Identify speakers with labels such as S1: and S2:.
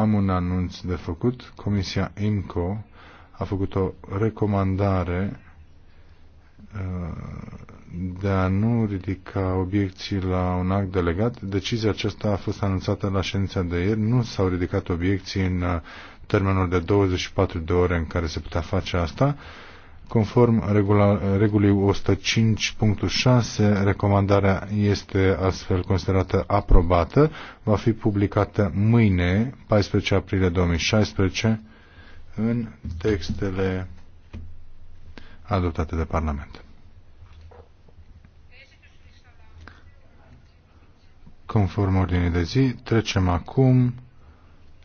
S1: Am un anunț de făcut. Comisia IMCO a făcut o recomandare uh, de a nu ridica obiecții la un act delegat. Decizia aceasta a fost anunțată la ședința de ieri. Nu s-au ridicat obiecții în uh, termenul de 24 de ore în care se putea face asta Conform regulii 105.6, recomandarea este astfel considerată aprobată. Va fi publicată mâine, 14 aprilie 2016, în textele adoptate de Parlament. Conform ordinii de zi, trecem acum